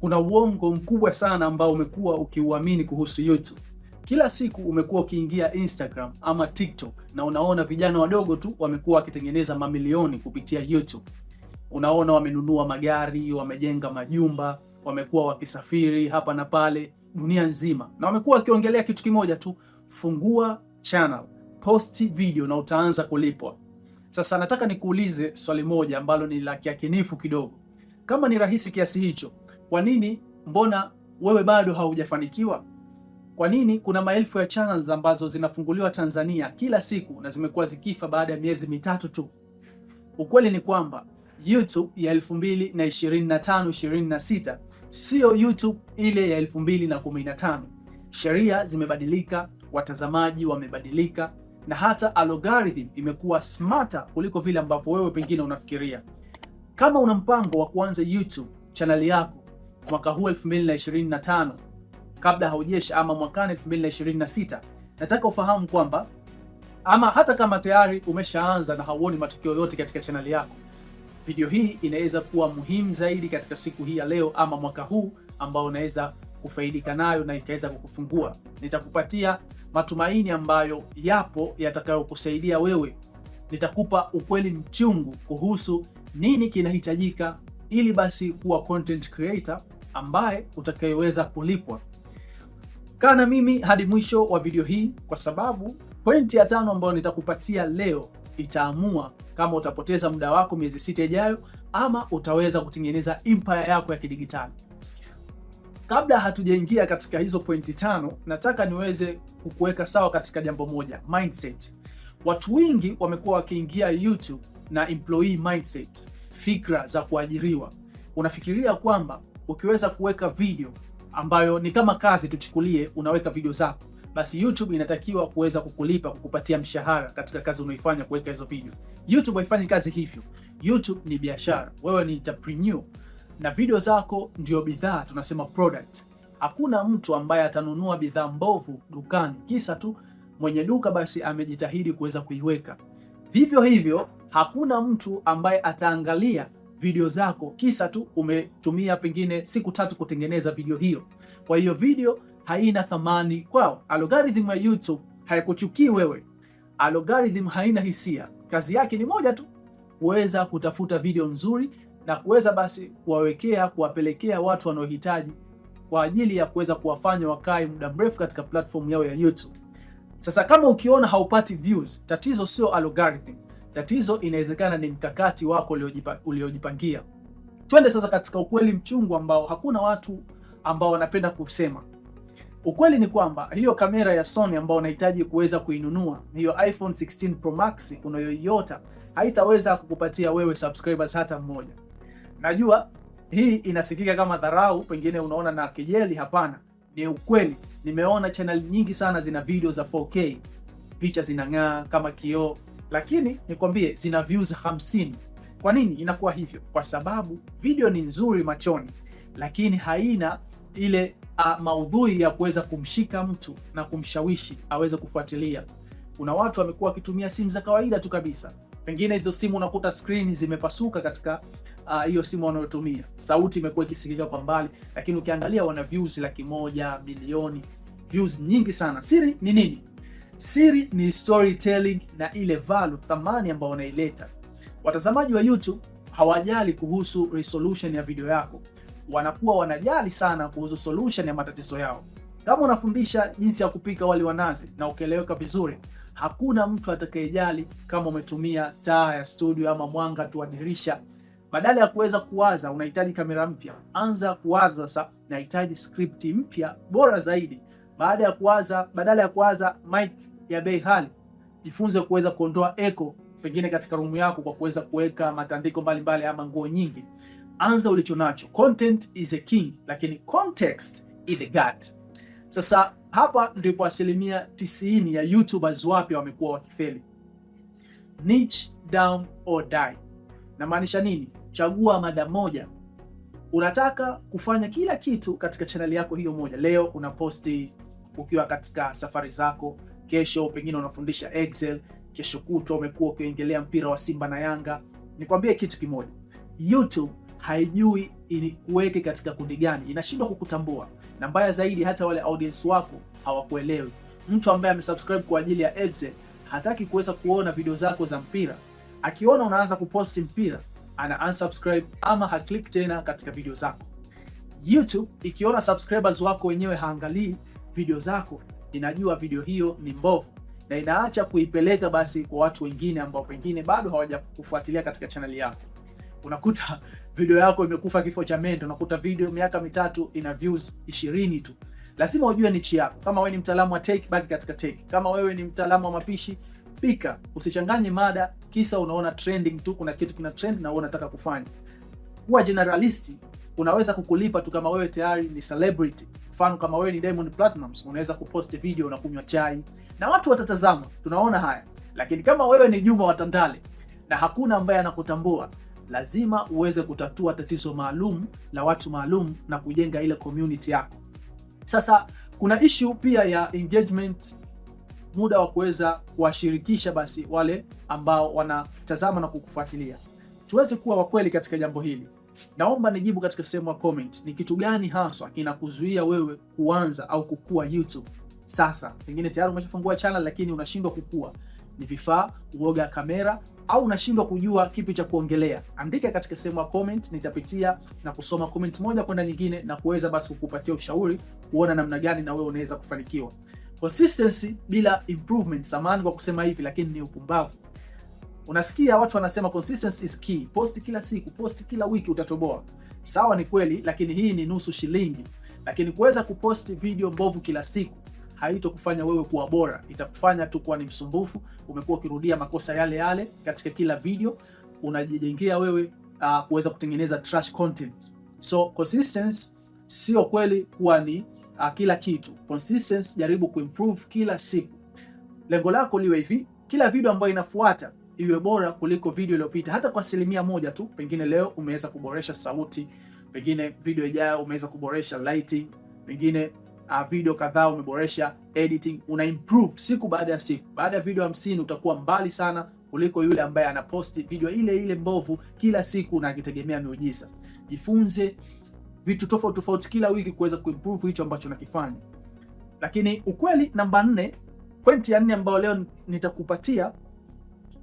Kuna uongo mkubwa sana ambao umekuwa ukiuamini kuhusu YouTube. Kila siku umekuwa ukiingia Instagram ama TikTok na unaona vijana wadogo tu wamekuwa wakitengeneza mamilioni kupitia YouTube. Unaona wamenunua magari, wamejenga majumba, wamekuwa wakisafiri hapa na pale dunia nzima, na wamekuwa wakiongelea kitu kimoja tu: fungua channel, posti video na utaanza kulipwa. Sasa nataka nikuulize swali moja ambalo ni la kiakinifu kidogo. Kama ni rahisi kiasi hicho, kwa nini mbona wewe bado haujafanikiwa? Kwa nini kuna maelfu ya channels ambazo zinafunguliwa Tanzania kila siku na zimekuwa zikifa baada ya miezi mitatu tu? Ukweli ni kwamba YouTube ya 2025 26 siyo YouTube ile ya 2015. Sheria zimebadilika, watazamaji wamebadilika, na hata algorithm imekuwa smarter kuliko vile ambavyo wewe pengine unafikiria. Kama una mpango wa kuanza YouTube channel yako mwaka huu 2025 kabla haujesha ama mwakani 2026, nataka ufahamu kwamba ama hata kama tayari umeshaanza na hauoni matokeo yote katika chaneli yako, video hii inaweza kuwa muhimu zaidi katika siku hii ya leo ama mwaka huu ambao unaweza kufaidika nayo na ikaweza kukufungua. Nitakupatia matumaini ambayo yapo yatakayokusaidia wewe. Nitakupa ukweli mchungu kuhusu nini kinahitajika ili basi kuwa content creator ambaye utakayeweza kulipwa. Kaa na mimi hadi mwisho wa video hii, kwa sababu pointi ya tano ambayo nitakupatia leo itaamua kama utapoteza muda wako miezi sita ijayo ama utaweza kutengeneza empire yako ya kidigitali. Kabla hatujaingia katika hizo pointi tano, nataka niweze kukuweka sawa katika jambo moja, mindset. Watu wengi wamekuwa wakiingia YouTube na employee mindset, fikra za kuajiriwa. Unafikiria kwamba ukiweza kuweka video ambayo ni kama kazi, tuchukulie unaweka video zako, basi YouTube inatakiwa kuweza kukulipa kukupatia mshahara katika kazi unaoifanya kuweka hizo video. YouTube haifanyi kazi hivyo. YouTube ni biashara, wewe ni entrepreneur na video zako ndio bidhaa, tunasema product. Hakuna mtu ambaye atanunua bidhaa mbovu dukani kisa tu mwenye duka basi amejitahidi kuweza kuiweka. Vivyo hivyo, hakuna mtu ambaye ataangalia video zako kisa tu umetumia pengine siku tatu kutengeneza video hiyo. Kwa hiyo video haina thamani kwao. Algorithm ya YouTube haikuchukii wewe. Algorithm haina hisia, kazi yake ni moja tu, kuweza kutafuta video nzuri na kuweza basi kuwawekea, kuwapelekea watu wanaohitaji kwa ajili ya kuweza kuwafanya wakae muda mrefu katika platform yao ya YouTube. Sasa kama ukiona haupati views, tatizo sio algorithm. Tatizo inawezekana ni mkakati wako uliojipangia. Twende sasa katika ukweli mchungu ambao hakuna watu ambao wanapenda kusema. Ukweli ni kwamba hiyo kamera ya Sony ambayo unahitaji kuweza kuinunua, hiyo iPhone 16 Pro Max unayoiota, haitaweza kukupatia wewe subscribers hata mmoja. Najua hii inasikika kama dharau, pengine unaona na kejeli. Hapana, ni ukweli. Nimeona channel nyingi sana zina video za 4K, picha zinang'aa kama kioo lakini nikwambie zina views hamsini. Kwa nini inakuwa hivyo? Kwa sababu video ni nzuri machoni, lakini haina ile a, maudhui ya kuweza kumshika mtu na kumshawishi aweze kufuatilia. Kuna watu wamekuwa wakitumia simu za kawaida tu kabisa, pengine hizo simu unakuta skrini zimepasuka katika hiyo uh, simu wanayotumia, sauti imekuwa ikisikika kwa mbali, lakini ukiangalia wana views laki moja, milioni views nyingi sana. Siri ni nini? Siri ni storytelling na ile value thamani ambayo unaileta. Watazamaji wa YouTube hawajali kuhusu resolution ya video yako, wanakuwa wanajali sana kuhusu solution ya matatizo yao. Kama unafundisha jinsi ya kupika wali wa nazi na ukieleweka vizuri, hakuna mtu atakayejali kama umetumia taa ya studio ama mwanga tu wa dirisha. Badala ya kuweza kuwaza unahitaji kamera mpya, anza kuwaza sasa, nahitaji script mpya bora zaidi baada ya kuwaza, badala ya kuwaza mic ya bei ghali, jifunze kuweza kuondoa echo pengine katika rumu yako kwa kuweza kuweka matandiko mbalimbali ama nguo nyingi. Anza ulicho nacho. Content is a king, lakini context is the god. Sasa hapa ndipo asilimia 90 ya YouTubers wapya wamekuwa wakifeli. Niche down or die. Namaanisha nini? Chagua mada moja. Unataka kufanya kila kitu katika chaneli yako hiyo moja. Leo unaposti ukiwa katika safari zako. Kesho pengine unafundisha Excel, kesho kutwa umekuwa ukiongelea mpira wa Simba na Yanga. Nikwambie kitu kimoja, YouTube haijui kuweke katika kundi gani, inashindwa kukutambua, na mbaya zaidi, hata wale audience wako hawakuelewi. Mtu ambaye amesubscribe kwa ajili ya Excel hataki kuweza kuona video zako za mpira. Akiona unaanza kupost mpira, ana unsubscribe ama haclick tena katika video zako. YouTube ikiona subscribers wako wenyewe haangalii, video zako, inajua video hiyo ni mbovu na inaacha kuipeleka basi kwa watu wengine ambao pengine bado hawajakufuatilia katika chaneli yako. Unakuta video yako imekufa kifo cha mendo, unakuta video miaka mitatu ina views ishirini tu. Lazima ujue nichi yako. Kama wewe ni mtaalamu wa take, baki katika take. Kama wewe ni mtaalamu wa mapishi, pika. Usichanganye mada kisa unaona trending tu, kuna kitu kina trend na wewe unataka kufanya. Kuwa generalist unaweza kukulipa tu kama wewe tayari ni celebrity. Mfano kama wewe ni Diamond Platnumz, unaweza kupost video kunywa chai na watu watatazama, tunaona haya. Lakini kama wewe ni Juma wa Tandale na hakuna ambaye anakutambua, lazima uweze kutatua tatizo maalum la watu maalum na kujenga ile community yako. Sasa kuna issue pia ya engagement, muda wa kuweza kuwashirikisha basi wale ambao wanatazama na kukufuatilia. Tuweze kuwa wakweli katika jambo hili. Naomba nijibu katika sehemu ya comment, ni kitu gani haswa kinakuzuia wewe kuanza au kukua YouTube sasa? Pengine tayari umeshafungua channel lakini unashindwa kukua, ni vifaa, uoga ya kamera, au unashindwa kujua kipi cha kuongelea? Andika katika sehemu ya comment, nitapitia na kusoma comment moja kwenda nyingine na kuweza basi kukupatia ushauri, kuona namna gani na wewe unaweza kufanikiwa. Consistency bila improvement, samani kwa kusema hivi, lakini ni upumbavu. Unasikia watu wanasema consistency is key, posti kila siku, posti kila wiki, utatoboa. Sawa, ni kweli, lakini hii ni nusu shilingi. Lakini kuweza kuposti video mbovu kila siku haitokufanya wewe kuwa bora, itakufanya tu kuwa ni msumbufu. Umekuwa ukirudia makosa yale yale katika kila video, unajijengea wewe uh, kuweza kutengeneza trash content. So consistency sio kweli kuwa ni uh, kila kitu. Consistency, jaribu kuimprove kila siku. Lengo lako liwe hivi, kila video ambayo inafuata iwe bora kuliko video iliyopita, hata kwa asilimia moja tu. Pengine leo umeweza kuboresha sauti, pengine video ijayo umeweza kuboresha lighting, pengine uh, video kadhaa umeboresha editing, una improve siku baada ya siku. Baada ya video hamsini utakuwa mbali sana kuliko yule ambaye anaposti video ile ile mbovu kila siku na akitegemea miujiza. Jifunze vitu tofauti tofauti kila wiki kuweza kuimprove hicho ambacho unakifanya. Lakini ukweli namba nne, pointi ya nne ambayo leo nitakupatia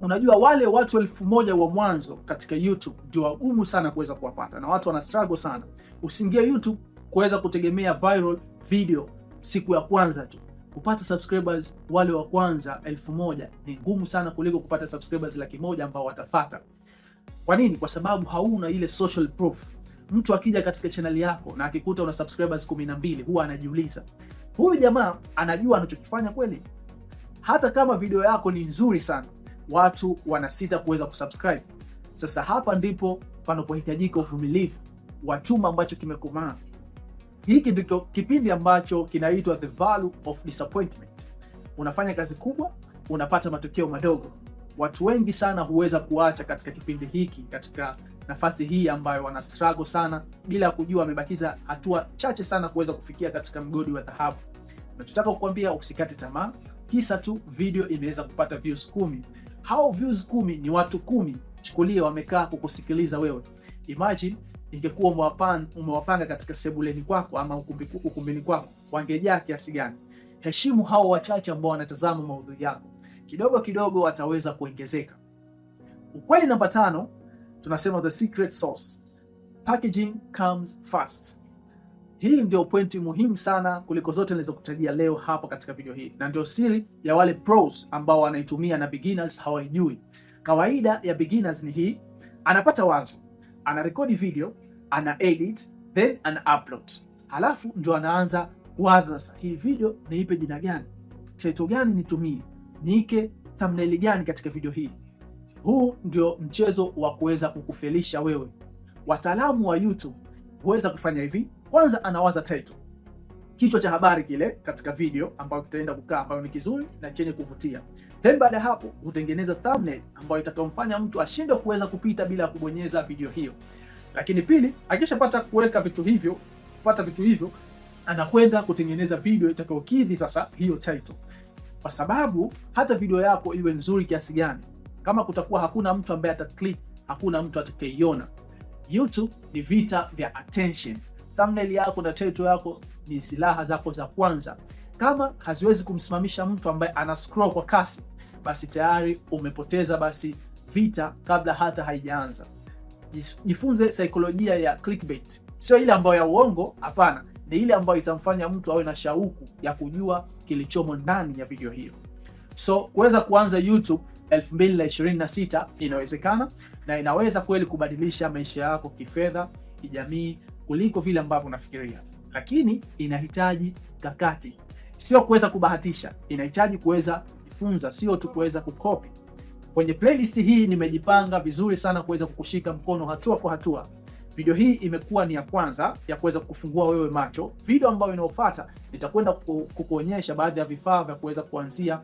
Unajua wale watu elfu moja wa mwanzo katika YouTube ndio wagumu sana kuweza kuwapata, na watu wana struggle sana. Usiingie YouTube kuweza kutegemea viral video siku ya kwanza tu. Kupata subscribers wale wa kwanza elfu moja ni ngumu sana kuliko kupata subscribers laki moja ambao watafata. Kwa nini? Kwa sababu hauna ile social proof. Mtu akija katika channel yako na akikuta una subscribers 12 huwa anajiuliza, huyu jamaa anajua anachokifanya kweli? Hata kama video yako ni nzuri sana watu wanasita kuweza kusubscribe. Sasa hapa ndipo panapohitajika uvumilivu wa chuma ambacho kimekomaa. Hiki ndicho kipindi ambacho kinaitwa the value of disappointment. Unafanya kazi kubwa, unapata matokeo madogo. Watu wengi sana huweza kuacha katika kipindi hiki, katika nafasi hii ambayo wana struggle sana, bila kujua wamebakiza hatua chache sana kuweza kufikia katika mgodi wa dhahabu. Nachotaka kukwambia, usikate tamaa kisa tu video imeweza kupata views kumi hao views kumi ni watu kumi, chukulia wamekaa kukusikiliza wewe. Imagine ingekuwa umewapanga katika sebuleni kwako ama ukumbini kwako, wangejaa kiasi gani? Heshimu hao wachache ambao wanatazama maudhui yako, kidogo kidogo wataweza kuongezeka. Ukweli namba tano tunasema the secret sauce. Packaging comes first. Hii ndio pointi muhimu sana kuliko zote nilizokutajia leo hapa katika video hii, na ndio siri ya wale pros ambao wanaitumia na beginners hawaijui. Kawaida ya beginners ni hii: anapata wazo, anarekodi video, ana edit, then ana upload, halafu ndio anaanza kuwaza sasa, hii video niipe jina gani, title gani nitumie, niike thumbnail gani katika video hii. Huu ndio mchezo wa kuweza kukufelisha wewe. Wataalamu wa YouTube huweza kufanya hivi kwanza anawaza title, kichwa cha habari kile katika video ambayo tutaenda kukaa, ambayo ni kizuri na chenye kuvutia. Then baada ya hapo hutengeneza thumbnail ambayo itakayomfanya mtu ashindwe kuweza kupita bila ya kubonyeza video hiyo. Lakini pili, akishapata kuweka vitu hivyo, pata vitu hivyo, anakwenda kutengeneza video itakayokidhi sasa hiyo title, kwa sababu hata video yako iwe nzuri kiasi gani, kama kutakuwa hakuna mtu ambaye ataclick, hakuna mtu atakayeiona. YouTube ni vita vya attention thumbnail yako na title yako ni silaha zako za kwanza. Kama haziwezi kumsimamisha mtu ambaye ana scroll kwa kasi, basi tayari umepoteza basi vita kabla hata haijaanza. Jifunze saikolojia ya clickbait, sio ile ambayo ya uongo. Hapana, ni ile ambayo itamfanya mtu awe na shauku ya kujua kilichomo ndani ya video hiyo. So kuweza kuanza YouTube 2026 inawezekana na inaweza kweli kubadilisha maisha yako kifedha, kijamii kuliko vile ambavyo unafikiria, lakini inahitaji kakati, sio kuweza kubahatisha. Inahitaji kuweza kujifunza, sio tu kuweza kukopi. Kwenye playlist hii nimejipanga vizuri sana kuweza kukushika mkono hatua kwa hatua. Video hii imekuwa ni ya kwanza ya kuweza kufungua wewe macho. Video ambayo inayofuata nitakwenda kukuonyesha baadhi ya vifaa vya kuweza kuanzia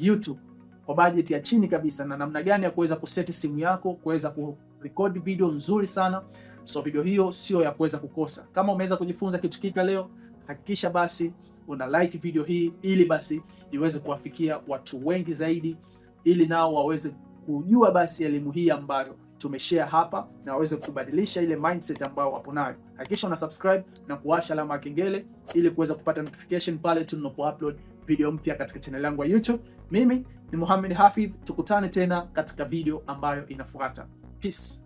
YouTube kwa bajeti ya chini kabisa, na namna gani ya kuweza kuseti simu yako kuweza kurekodi video nzuri sana So video hiyo sio ya kuweza kukosa. Kama umeweza kujifunza kitu kipya leo, hakikisha basi una like video hii ili basi iweze kuwafikia watu wengi zaidi, ili nao waweze kujua basi elimu hii ambayo tumeshare hapa na waweze kubadilisha ile mindset ambayo wapo nayo. Hakikisha una subscribe na kuwasha alama ya kengele ili kuweza kupata notification pale tunapo upload video mpya katika channel yangu ya YouTube. Mimi ni Muhammad Hafidh, tukutane tena katika video ambayo inafuata. Peace.